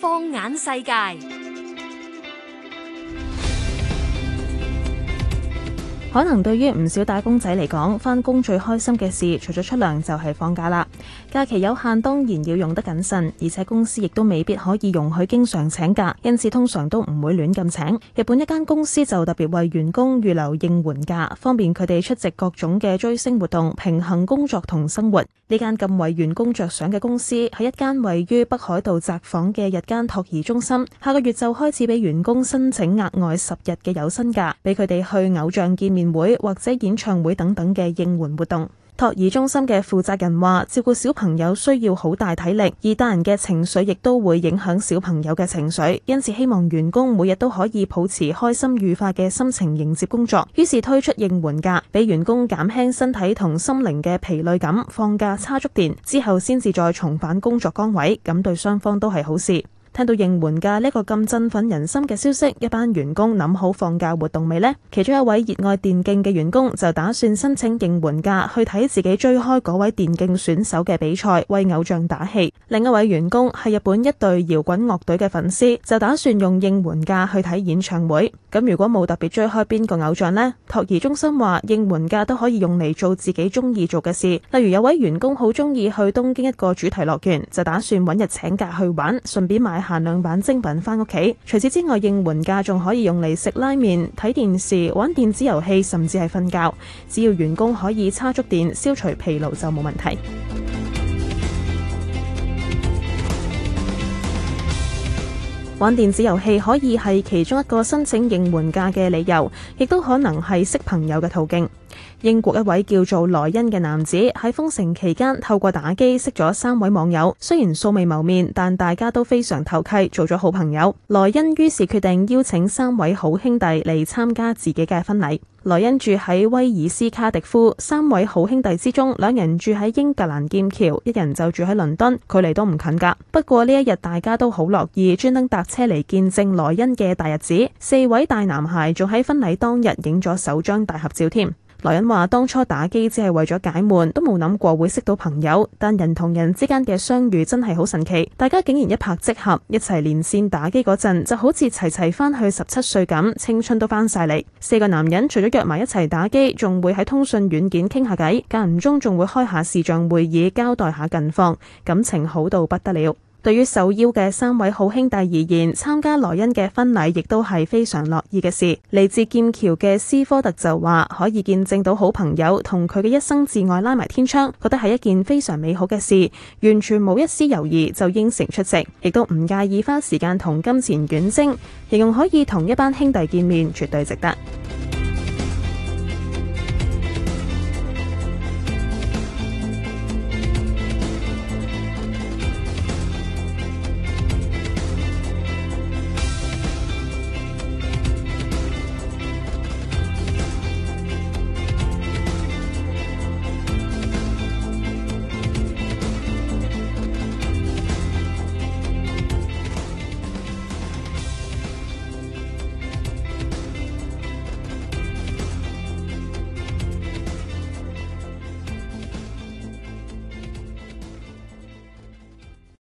放眼世界。可能對於唔少打工仔嚟講，返工最開心嘅事，除咗出糧就係放假啦。假期有限，當然要用得謹慎，而且公司亦都未必可以容許經常請假，因此通常都唔會亂咁請。日本一間公司就特別為員工預留應援假，方便佢哋出席各種嘅追星活動，平衡工作同生活。呢間咁為員工着想嘅公司，係一間位於北海道札幌嘅日間托兒中心，下個月就開始俾員工申請額外十日嘅有薪假，俾佢哋去偶像見面會或者演唱會等等嘅應援活動，託兒中心嘅負責人話：照顧小朋友需要好大體力，而大人嘅情緒亦都會影響小朋友嘅情緒，因此希望員工每日都可以保持開心愉快嘅心情迎接工作。於是推出應援假，俾員工減輕身體同心靈嘅疲累感，放假叉足電之後，先至再重返工作崗位，咁對雙方都係好事。聽到應援假呢個咁振奮人心嘅消息，一班員工諗好放假活動未呢？其中一位熱愛電競嘅員工就打算申請應援假去睇自己追開嗰位電競選手嘅比賽，為偶像打氣。另一位員工係日本一隊搖滾樂隊嘅粉絲，就打算用應援假去睇演唱會。咁如果冇特別追開邊個偶像呢？托兒中心話應援假都可以用嚟做自己中意做嘅事，例如有位員工好中意去東京一個主題樂園，就打算揾日請假去玩，順便買。限量版精品返屋企，除此之外，應援假仲可以用嚟食拉麵、睇電視、玩電子遊戲，甚至係瞓覺。只要員工可以叉足電，消除疲勞就冇問題。玩電子遊戲可以係其中一個申請應援假嘅理由，亦都可能係識朋友嘅途徑。英國一位叫做萊恩嘅男子喺封城期間透過打機識咗三位網友，雖然素未謀面，但大家都非常投契，做咗好朋友。萊恩於是決定邀請三位好兄弟嚟參加自己嘅婚禮。萊恩住喺威爾斯卡迪夫，三位好兄弟之中，兩人住喺英格蘭劍橋，一人就住喺倫敦，距離都唔近㗎。不過呢一日大家都好樂意，專登搭車嚟見證萊恩嘅大日子。四位大男孩仲喺婚禮當日影咗首張大合照添。女人話當初打機只係為咗解悶，都冇諗過會識到朋友。但人同人之間嘅相遇真係好神奇，大家竟然一拍即合，一齊連線打機嗰陣就好似齊齊返去十七歲咁，青春都返晒嚟。四個男人除咗約埋一齊打機，仲會喺通訊軟件傾下偈，間唔中仲會開下視像會議，交代下近況，感情好到不得了。對於受邀嘅三位好兄弟而言，參加萊恩嘅婚禮亦都係非常樂意嘅事。嚟自劍橋嘅斯科特就話：可以見證到好朋友同佢嘅一生摯愛拉埋天窗，覺得係一件非常美好嘅事，完全冇一絲猶豫就應承出席，亦都唔介意花時間同金錢遠征，形容可以同一班兄弟見面，絕對值得。